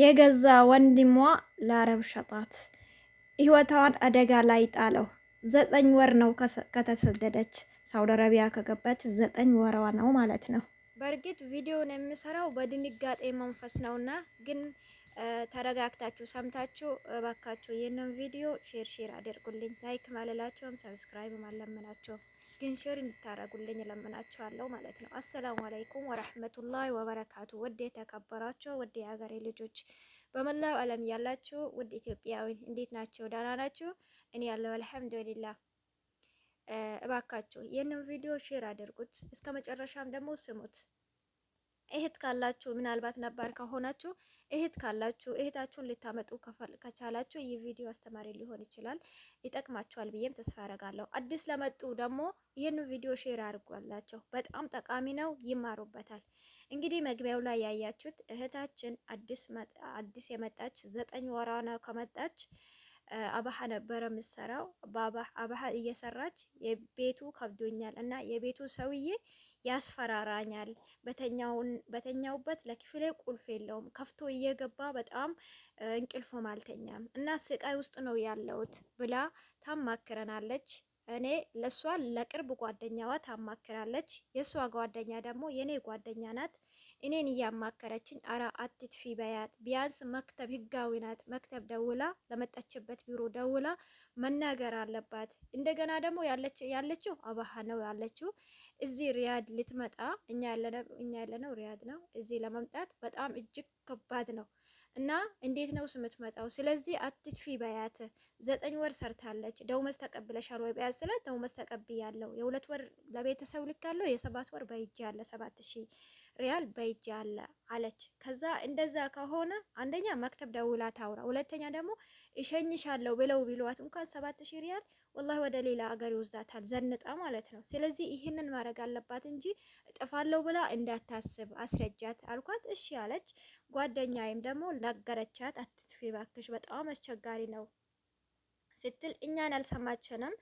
የገዛ ወንድሟ ለአረብ ሸጣት። ህይወቷን አደጋ ላይ ጣለው። ዘጠኝ ወር ነው ከተሰደደች ሳውዲ አረቢያ ከገባች ዘጠኝ ወሯ ነው ማለት ነው። በእርግጥ ቪዲዮን የምሰራው በድንጋጤ መንፈስ ነውና ግን ተረጋግታችሁ ሰምታችሁ እባካችሁ ይህንን ቪዲዮ ሼር ሼር አድርጉልኝ። ላይክ ማለላቸውም ሰብስክራይብ ማለመናቸውም ግን ሼር እንድታረጉልኝ ለምናችኋለሁ ማለት ነው። አሰላሙ አለይኩም ወራህመቱላሂ ወበረካቱ። ውድ የተከበራችሁ ውድ የሀገሬ ልጆች በመላው ዓለም ያላችሁ ውድ ኢትዮጵያዊ እንዴት ናቸው? ደህና ናችሁ? እኔ ያለው አልሐምዱሊላ። እባካችሁ ይህንን ቪዲዮ ሼር አድርጉት፣ እስከ መጨረሻም ደግሞ ስሙት። እህት ካላችሁ ምናልባት ነባር ከሆናችሁ እህት ካላችሁ እህታችሁን ልታመጡ ከቻላችሁ ይህ ቪዲዮ አስተማሪ ሊሆን ይችላል፣ ይጠቅማችኋል ብዬም ተስፋ አደርጋለሁ። አዲስ ለመጡ ደግሞ ይህን ቪዲዮ ሼር አድርጓላቸው፣ በጣም ጠቃሚ ነው፣ ይማሩበታል። እንግዲህ መግቢያው ላይ ያያችሁት እህታችን አዲስ የመጣች ዘጠኝ ወራ ነው ከመጣች አባሃ ነበረ የምትሰራው አባሃ እየሰራች የቤቱ ከብዶኛል እና የቤቱ ሰውዬ ያስፈራራኛል። በተኛውበት ለክፍሌ ቁልፍ የለውም ከፍቶ እየገባ በጣም እንቅልፎም አልተኛም እና ስቃይ ውስጥ ነው ያለውት ብላ ታማክረናለች። እኔ ለእሷ ለቅርብ ጓደኛዋ ታማክራለች። የእሷ ጓደኛ ደግሞ የእኔ ጓደኛ ናት። እኔን እያማከረችኝ አረ አትጥፊ በያት ቢያንስ መክተብ ህጋዊ ናት። መክተብ ደውላ ለመጣችበት ቢሮ ደውላ መናገር አለባት። እንደገና ደግሞ ያለችው አባሃ ነው ያለችው እዚህ ሪያድ ልትመጣ እኛ ያለነው ሪያድ ነው። እዚህ ለመምጣት በጣም እጅግ ከባድ ነው እና እንዴት ነው ስምትመጣው? ስለዚህ አትችፊ በያት። ዘጠኝ ወር ሰርታለች። ደውመስ ተቀብለሻል ወይ በያት ስላት ደውመስ ተቀብያለሁ፣ የሁለት ወር ለቤተሰብ ልካለሁ፣ የሰባት ወር በይጃ ያለ ሰባት ሺህ ሪያል በእጅ አለ አለች። ከዛ እንደዛ ከሆነ አንደኛ መክተብ ደውላ ታውራ፣ ሁለተኛ ደግሞ እሸኝሻለሁ ብለው ቢሏት እንኳን ሰባት ሺህ ሪያል ወላሂ ወደ ሌላ ሀገር ይወስዳታል ዘንጣ ማለት ነው። ስለዚህ ይህንን ማድረግ አለባት እንጂ እጠፋለሁ ብላ እንዳታስብ አስረጃት አልኳት። እሺ አለች። ጓደኛዬም ደግሞ ነገረቻት፣ አትጥፊ ባክሽ በጣም አስቸጋሪ ነው ስትል እኛን አልሰማችንም።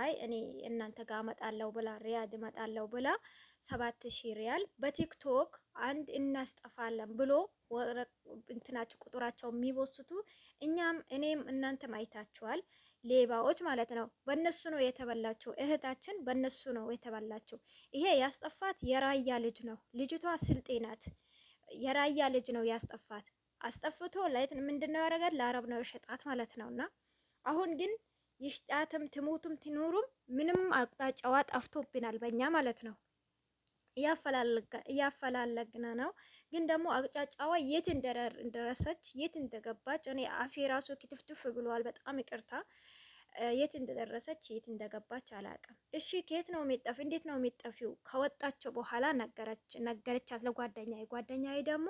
አይ እኔ እናንተ ጋር እመጣለሁ ብላ ሪያድ እመጣለሁ ብላ ሰባት ሺህ ሪያል በቲክቶክ አንድ እናስጠፋለን ብሎ እንትናቸው ቁጥራቸው የሚወስቱ እኛም እኔም እናንተም አይታችኋል። ሌባዎች ማለት ነው። በእነሱ ነው የተበላቸው። እህታችን በእነሱ ነው የተበላቸው። ይሄ ያስጠፋት የራያ ልጅ ነው። ልጅቷ ስልጤ ናት። የራያ ልጅ ነው ያስጠፋት። አስጠፍቶ ምንድነው ያደረጋት? ለአረብ ነው የሸጣት ማለት ነውና አሁን ግን ይሽጣትም ትሞቱም ትኖሩም ምንም አቅጣጫዋ ጠፍቶብናል፣ በእኛ ማለት ነው። እያፈላለግና ነው ግን ደግሞ አቅጣጫዋ የት እንደደረሰች የት እንደገባች፣ እኔ አፌ ራሱ ክትፍትፍ ብሏል። በጣም ይቅርታ። የት እንደደረሰች የት እንደገባች አላውቅም። እሺ ከየት ነው የሚጠፍ? እንዴት ነው የሚጠፊው? ከወጣቸው በኋላ ነገረች ነገረቻት ለጓደኛዬ። ጓደኛዬ ደግሞ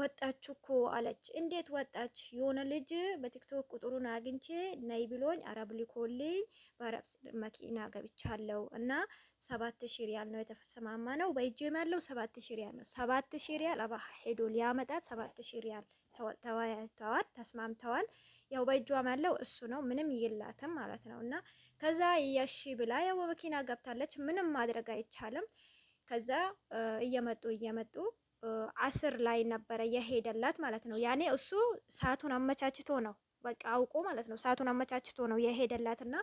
ወጣችሁ እኮ አለች። እንዴት ወጣች? የሆነ ልጅ በቲክቶክ ቁጥሩን አግኝቼ ነይ ብሎኝ አረብ ልኮልኝ በአረብ መኪና ገብቻለሁ እና ሰባት ሺ ሪያል ነው የተሰማማ ነው በእጅም ያለው ሰባት ሺ ሪያል ነው። ሰባት ሺ ሪያል አባ ሄዶ ሊያመጣት ሰባት ሺ ሪያል ተወያይተዋል፣ ተስማምተዋል። ያው በእጇም ያለው እሱ ነው፣ ምንም ይላትም ማለት ነው። እና ከዛ እያሺ ብላ ያው በመኪና ገብታለች፣ ምንም ማድረግ አይቻልም። ከዛ እየመጡ እየመጡ አስር ላይ ነበረ የሄደላት ማለት ነው። ያኔ እሱ ሰዓቱን አመቻችቶ ነው በቃ አውቆ ማለት ነው። ሰዓቱን አመቻችቶ ነው የሄደላት እና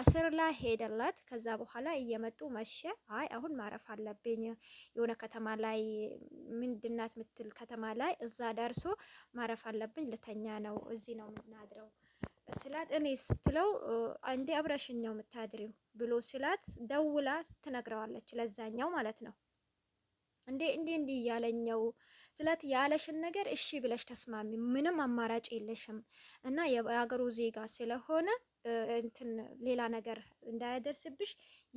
አስር ላይ ሄደላት። ከዛ በኋላ እየመጡ መሸ። አይ አሁን ማረፍ አለብኝ የሆነ ከተማ ላይ ምንድናት ምትል ከተማ ላይ እዛ ደርሶ ማረፍ አለብኝ፣ ልተኛ ነው፣ እዚህ ነው የምናድረው ስላት እኔ ስትለው እንዴ አብረሽኛው የምታድሪው ብሎ ስላት ደውላ ትነግረዋለች ለዛኛው ማለት ነው። እንዴ እንዴ እንዲህ እያለኛው ስለት ያለሽን ነገር እሺ ብለሽ ተስማሚ። ምንም አማራጭ የለሽም እና የሀገሩ ዜጋ ስለሆነ እንትን ሌላ ነገር እንዳያደርስብሽ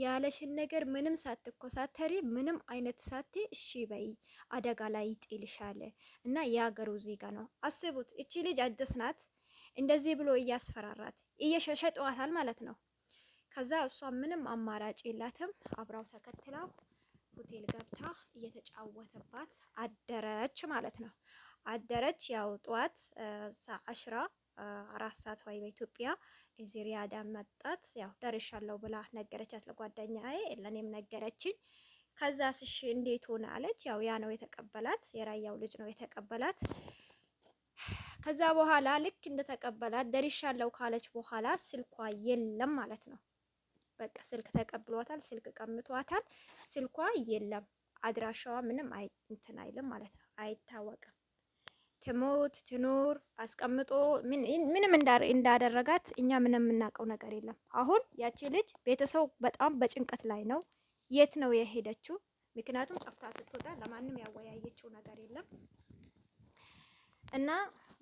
ያለሽን ነገር ምንም ሳትኮሳተሪ ምንም አይነት ሳቴ እሺ በይ፣ አደጋ ላይ ይጥልሻል እና የሀገሩ ዜጋ ነው። አስቡት፣ እቺ ልጅ አዲስ ናት። እንደዚህ ብሎ እያስፈራራት እየሸሸጠዋታል ማለት ነው። ከዛ እሷ ምንም አማራጭ የላትም። አብራው ተከትላው ሆቴል ገብታ እየተጫወተባት አደረች ማለት ነው። አደረች ያው ጠዋት አሽራ አራት ሰዓት ወይ በኢትዮጵያ እዚህ ሪያዳ መጣት ያው ደርሻለሁ ብላ ነገረቻት ለጓደኛዬ፣ ለእኔም ነገረችኝ። ከዛ ስሽ እንዴት ሆነ አለች። ያው ያ ነው የተቀበላት፣ የራያው ልጅ ነው የተቀበላት። ከዛ በኋላ ልክ እንደተቀበላት ደርሻለሁ ካለች በኋላ ስልኳ የለም ማለት ነው። በቃ ስልክ ተቀብሏታል፣ ስልክ ቀምቷታል። ስልኳ የለም አድራሻዋ ምንም እንትን አይልም ማለት ነው፣ አይታወቅም። ትሞት ትኑር አስቀምጦ ምንም እንዳደረጋት እኛ ምንም የምናውቀው ነገር የለም። አሁን ያቺ ልጅ ቤተሰቡ በጣም በጭንቀት ላይ ነው። የት ነው የሄደችው? ምክንያቱም ጠፍታ ስትወጣ ለማንም ያወያየችው ነገር የለም እና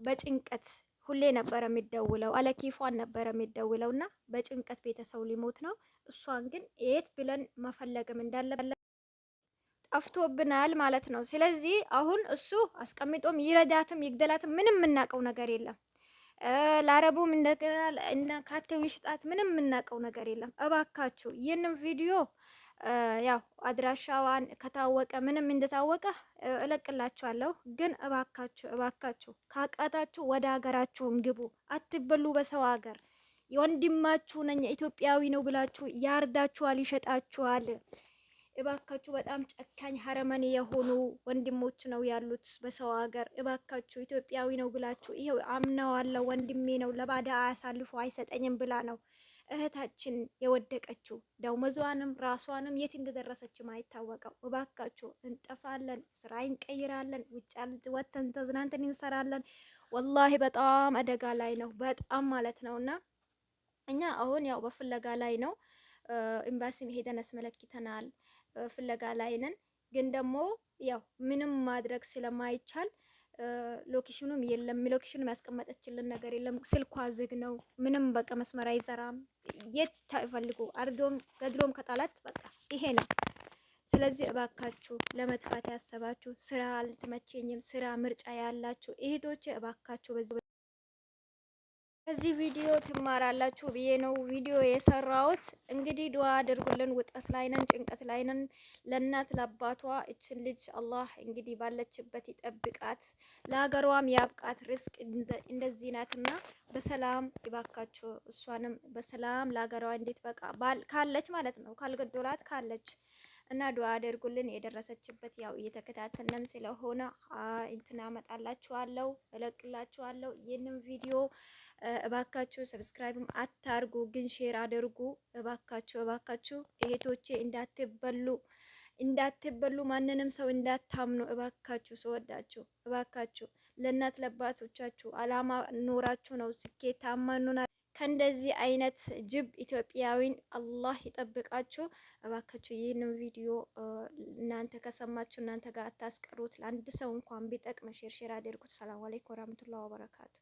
በጭንቀት ሁሌ ነበረ የሚደውለው አለኪፏን ነበረ የሚደውለው እና በጭንቀት ቤተሰቡ ሊሞት ነው። እሷን ግን የት ብለን መፈለግም እንዳለ ጠፍቶብናል ማለት ነው። ስለዚህ አሁን እሱ አስቀምጦም ይረዳትም ይግደላትም ምንም የምናውቀው ነገር የለም። ለአረቡም እንደገና ካቴው ይሽጣት ምንም የምናውቀው ነገር የለም። እባካችሁ ይህንን ቪዲዮ ያው አድራሻዋን ከታወቀ ምንም እንደታወቀ እለቅላችኋለሁ። ግን እባካችሁ እባካችሁ ካቃታችሁ ወደ ሀገራችሁም ግቡ። አትበሉ በሰው ሀገር። የወንድማችሁ ነኝ ኢትዮጵያዊ ነው ብላችሁ ያርዳችኋል፣ ይሸጣችኋል። እባካችሁ በጣም ጨካኝ ሀረመኔ የሆኑ ወንድሞች ነው ያሉት በሰው ሀገር። እባካችሁ ኢትዮጵያዊ ነው ብላችሁ ይኸው አምነዋለሁ ወንድሜ ነው ለባዳ አያሳልፎ አይሰጠኝም ብላ ነው እህታችን የወደቀችው ደሞዟንም ራሷንም የት እንደደረሰች አይታወቀው። እባካችሁ እንጠፋለን፣ ስራ እንቀይራለን፣ ውጭ ወተን ተዝናንተን እንሰራለን። ወላሂ በጣም አደጋ ላይ ነው፣ በጣም ማለት ነው። እና እኛ አሁን ያው በፍለጋ ላይ ነው። ኤምባሲም ሄደን አስመለክተናል፣ ፍለጋ ላይ ነን። ግን ደግሞ ያው ምንም ማድረግ ስለማይቻል ሎኬሽኑም የለም። ሎኬሽኑ ያስቀመጠችልን ነገር የለም። ስልኳ ዝግ ነው። ምንም በቃ መስመር አይዘራም። የት ታፈልጉ? አርዶም ገድሎም ከጣላት በቃ ይሄ ነው። ስለዚህ እባካችሁ ለመጥፋት ያሰባችሁ ስራ አልተመቼኝም፣ ስራ ምርጫ ያላችሁ እህቶች እባካችሁ በዚህ ከዚህ ቪዲዮ ትማራላችሁ ብዬ ነው ቪዲዮ የሰራሁት። እንግዲህ ዱዓ አድርጉልን። ውጠት ላይ ነን፣ ጭንቀት ላይ ነን። ለእናት ለአባቷ እችን ልጅ አላህ እንግዲህ ባለችበት ይጠብቃት፣ ለሀገሯም ያብቃት። ርስቅ እንደዚህ ናትና በሰላም ይባካችሁ። እሷንም በሰላም ለሀገሯ እንዴት በቃ ካለች ማለት ነው ካልገዶላት ካለች እና ዱዓ አድርጉልን። የደረሰችበት ያው እየተከታተልን ስለሆነ እንትና አመጣላችኋለሁ፣ እለቅላችኋለሁ ይህንን ቪዲዮ እባካችሁ ሰብስክራይብም አታርጉ፣ ግን ሼር አድርጉ እባካችሁ እባካችሁ እህቶቼ እንዳትበሉ እንዳትበሉ ማንንም ሰው እንዳታምኑ እባካችሁ ስወዳችሁ እባካችሁ ለእናት ለባቶቻችሁ አላማ ኖራችሁ ነው ስኬታማ ኑና ከእንደዚህ አይነት ጅብ ኢትዮጵያዊን አላህ ይጠብቃችሁ። እባካችሁ ይህንን ቪዲዮ እናንተ ከሰማችሁ እናንተ ጋር አታስቀሩት። ለአንድ ሰው እንኳን ቢጠቅም ሼር ሼር አድርጉት። ሰላም አለይኩም ወራህመቱላሂ ወበረካቱ